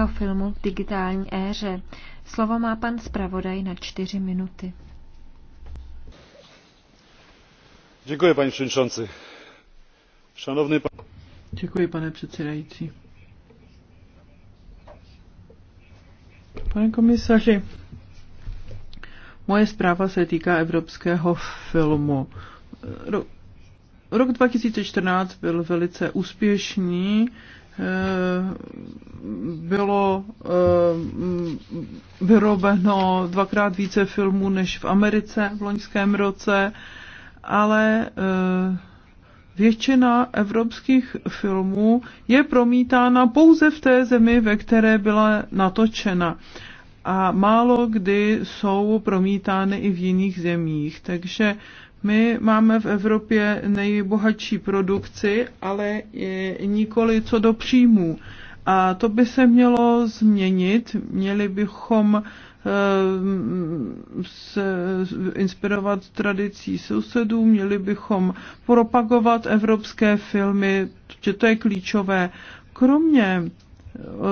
evropského filmu v digitální éře. Slovo má pan zpravodaj na čtyři minuty. Děkuji, paní předsedající. Šanovný pan... Děkuji, pane předsedající. Pane komisaři, moje zpráva se týká evropského filmu. Rok 2014 byl velice úspěšný Eh, bylo eh, vyrobeno dvakrát více filmů než v Americe v loňském roce, ale eh, většina evropských filmů je promítána pouze v té zemi, ve které byla natočena. A málo kdy jsou promítány i v jiných zemích. Takže my máme v Evropě nejbohatší produkci, ale nikoli co do příjmů. A to by se mělo změnit. Měli bychom eh, se inspirovat tradicí sousedů, měli bychom propagovat evropské filmy, že to je klíčové. Kromě eh,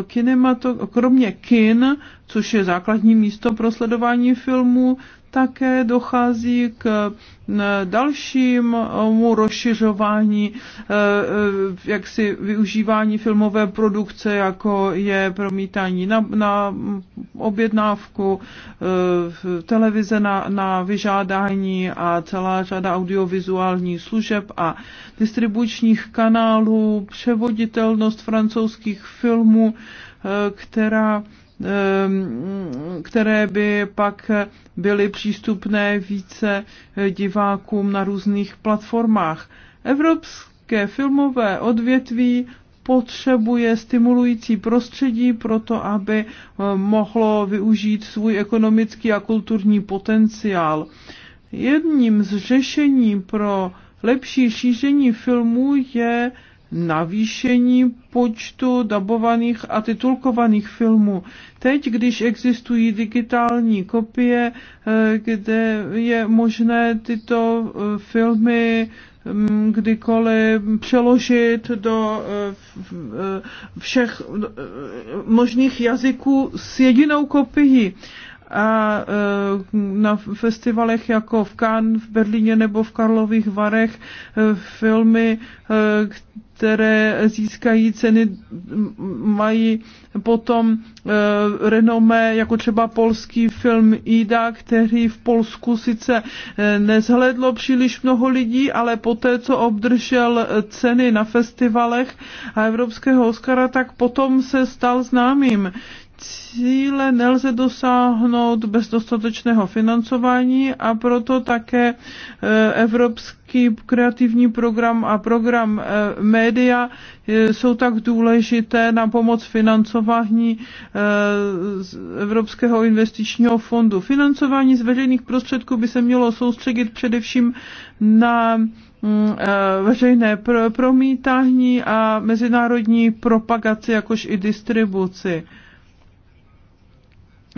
kinemato, kromě kin, což je základní místo pro sledování filmů, také dochází k eh, dalšímu rozšiřování eh, eh, jaksi využívání filmové produkce, jako je promítání na, na objednávku, televize na, na vyžádání a celá řada audiovizuálních služeb a distribučních kanálů, převoditelnost francouzských filmů, která Ehm, které by pak byly přístupné více eh, divákům na různých platformách. Evropské filmové odvětví potřebuje stimulující prostředí pro to, aby eh, mohlo využít svůj ekonomický a kulturní potenciál. Jedním z řešení pro lepší šíření filmů je navýšení počtu dabovaných a titulkovaných filmů. Teď, když existují digitální kopie, eh, kde je možné tyto eh, filmy mm, kdykoliv přeložit do eh, všech možných jazyků s jedinou kopií a eh, na festivalech jako v Cannes, v Berlíně nebo v Karlových Varech eh, filmy, eh, které získají ceny, mají potom renomé, jako třeba polský film Ida, který v Polsku sice nezhledlo příliš mnoho lidí, ale poté, co obdržel ceny na festivalech a Evropského Oscara, tak potom se stal známým cíle nelze dosáhnout bez dostatečného financování a proto také e, Evropský kreativní program a program e, média e, jsou tak důležité na pomoc financování Evropského investičního fondu. Financování z veřejných prostředků by se mělo soustředit především na mm, veřejné promítání a mezinárodní propagaci, jakož i distribuci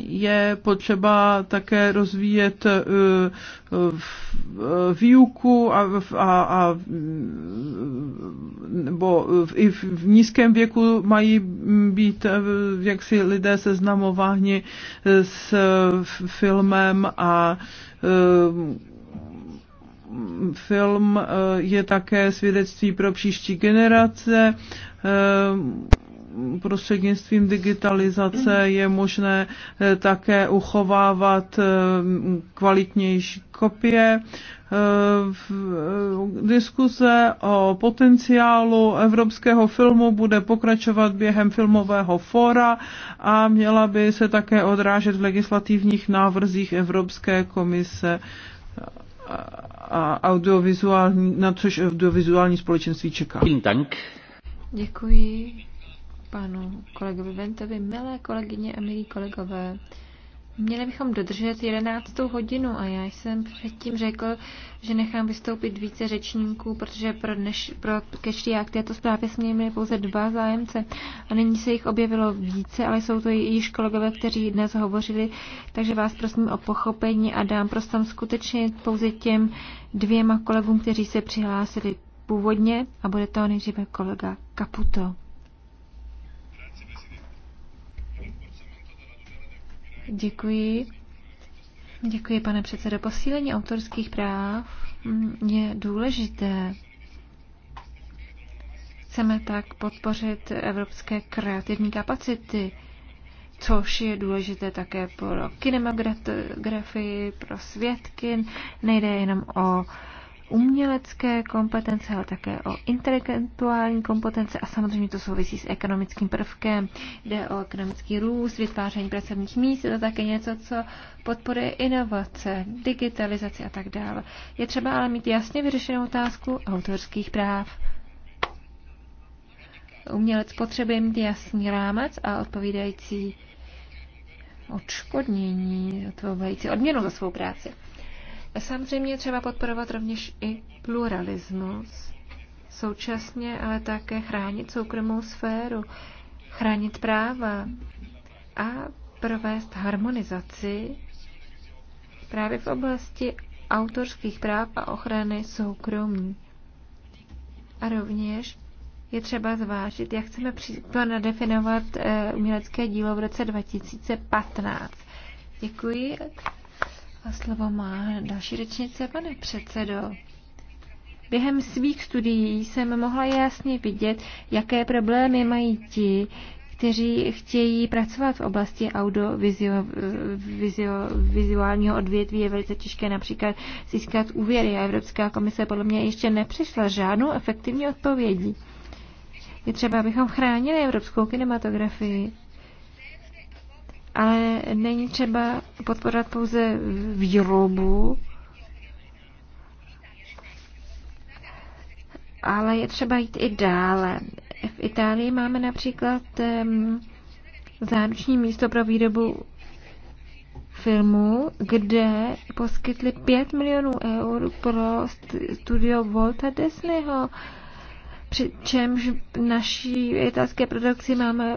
je potřeba také rozvíjet eh, eh, výuku a, a, a nebo i v nízkém věku mají být eh, jaksi lidé seznamováni s filmem a film je také svědectví pro příští generace prostřednictvím digitalizace je možné eh, také uchovávat eh, kvalitnější kopie. Eh, diskuze o potenciálu evropského filmu bude pokračovat během filmového fóra a měla by se také odrážet v legislativních návrzích Evropské komise a audiovizuální, na což audiovizuální společenství čeká. Děkuji panu kolegovi Ventovi, milé kolegyně a milí kolegové. Měli bychom dodržet 11. hodinu a já jsem předtím řekl, že nechám vystoupit více řečníků, protože pro, dneš, pro keští jak této zprávě jsme měli pouze dva zájemce a nyní se jich objevilo více, ale jsou to již kolegové, kteří dnes hovořili, takže vás prosím o pochopení a dám prostor skutečně pouze těm dvěma kolegům, kteří se přihlásili původně a bude to nejdříve kolega Kaputo. Děkuji. Děkuji, pane předsedo. Posílení autorských práv mm, je důležité. Chceme tak podpořit evropské kreativní kapacity, což je důležité také pro kinematografii, pro světkin. Nejde jenom o uh, umělecké kompetence, ale také o intelektuální kompetence a samozřejmě to souvisí s ekonomickým prvkem. Jde o ekonomický růst, vytváření pracovních míst, je to také něco, co podporuje inovace, digitalizaci a tak dále. Je třeba ale mít jasně vyřešenou otázku autorských práv. Umělec potřebuje mít jasný rámec a odpovídající odškodnění, odpovídající odměnu za svou práci. Samozřejmě třeba podporovat rovněž i pluralismus, současně ale také chránit soukromou sféru, chránit práva a provést harmonizaci právě v oblasti autorských práv a ochrany soukromí. A rovněž je třeba zvážit, jak chceme příklad nadefinovat eh, umělecké dílo v roce 2015. Děkuji a slovo má další řečnice, pane předsedo. Během svých studií jsem mohla jasně vidět, jaké problémy mají ti, kteří chtějí pracovat v oblasti audiovizuálního odvětví, je velice těžké například získat úvěry a Evropská komise podle mě ještě nepřišla žádnou efektivní odpovědí. Je třeba, abychom chránili evropskou kinematografii ale není třeba podporovat pouze výrobu, ale je třeba jít i dále. V Itálii máme například um, záruční místo pro výrobu filmu, kde poskytli 5 milionů eur pro studio Volta Disneyho, přičemž naší italské produkci máme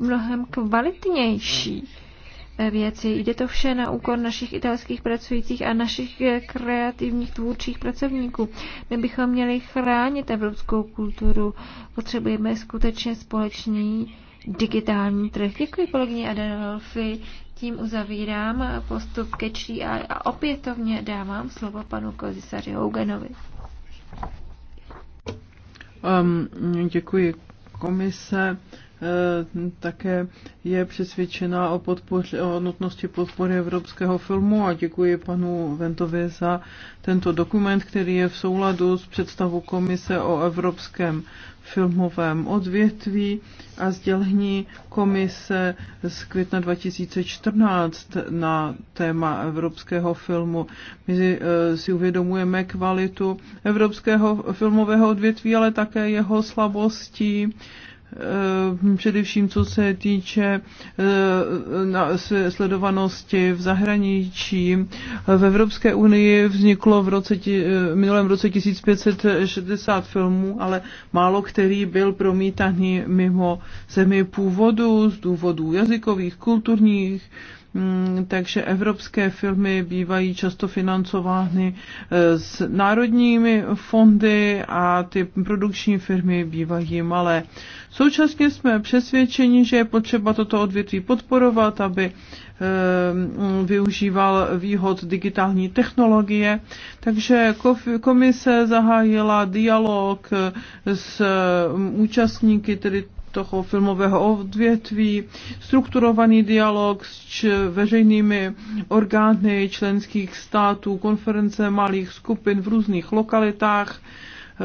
mnohem kvalitnější věci. Jde to vše na úkor našich italských pracujících a našich eh, kreativních tvůrčích pracovníků. My bychom měli chránit evropskou kulturu. Potřebujeme skutečně společný digitální trh. Děkuji kolegyně Adelfi. Tím uzavírám postup ke čtí a, a opětovně dávám slovo panu Kozisaři Hougenovi. Um, děkuji komise Eh, také je přesvědčena o, podpoře, o nutnosti podpory evropského filmu a děkuji panu Ventovi za tento dokument, který je v souladu s představou komise o evropském filmovém odvětví a sdělení komise z května 2014 na téma evropského filmu. My eh, si uvědomujeme kvalitu evropského filmového odvětví, ale také jeho slabosti Eh, především co se týče eh, sledovanosti v zahraničí. V Evropské unii vzniklo v roce, eh, minulém roce 1560 filmů, ale málo který byl promítaný mimo zemi původu z důvodů jazykových, kulturních, Mm, takže evropské filmy bývají často financovány eh, s národními fondy a ty produkční firmy bývají malé. Současně jsme přesvědčeni, že je potřeba toto odvětví podporovat, aby eh, využíval výhod digitální technologie. Takže komise zahájila dialog eh, s účastníky, tedy toho filmového odvětví, strukturovaný dialog s veřejnými orgány členských států, konference malých skupin v různých lokalitách eh,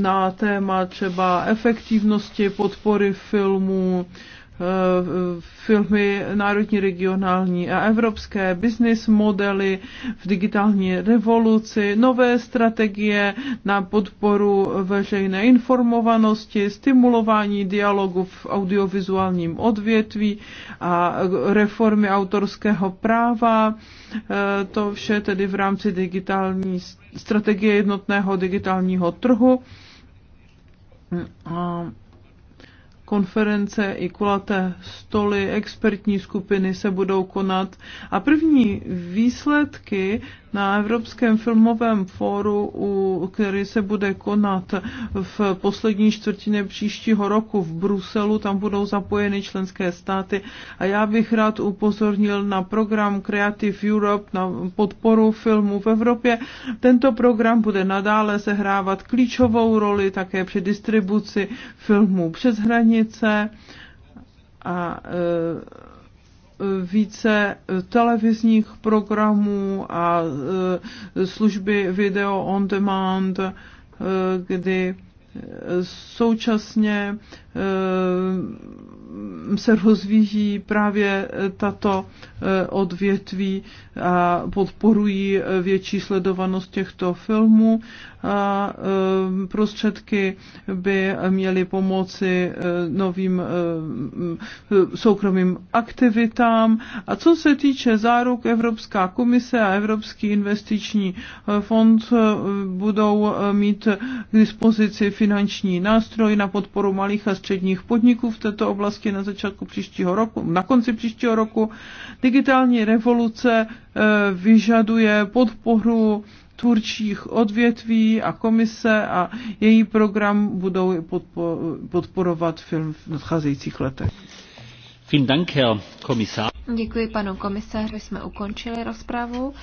na téma třeba efektivnosti podpory filmů, Eh, filmy národní, regionální a evropské, business modely v digitální revoluci, nové strategie na podporu veřejné informovanosti, stimulování dialogu v audiovizuálním odvětví a reformy autorského práva. Eh, to vše tedy v rámci digitální strategie jednotného digitálního trhu. A konference i kulaté stoly, expertní skupiny se budou konat a první výsledky na Evropském filmovém fóru, který se bude konat v poslední čtvrtině příštího roku v Bruselu. Tam budou zapojeny členské státy a já bych rád upozornil na program Creative Europe na podporu filmu v Evropě. Tento program bude nadále sehrávat klíčovou roli také při distribuci filmů přes hranice a e, více televizních programů a e, služby video on demand, e, kdy e, současně se rozvíjí právě eh, tato eh, odvětví a podporují eh, větší sledovanost těchto filmů a prostředky by měly pomoci novým soukromým aktivitám. A co se týče záruk, Evropská komise a Evropský investiční fond budou mít k dispozici finanční nástroj na podporu malých a středních podniků v této oblasti prostě na začátku příštího roku, na konci příštího roku. Digitální revoluce eh, vyžaduje podporu tvůrčích odvětví a komise a její program budou podporovat film v nadcházejících letech. Děkuji panu komisáři, jsme ukončili rozpravu.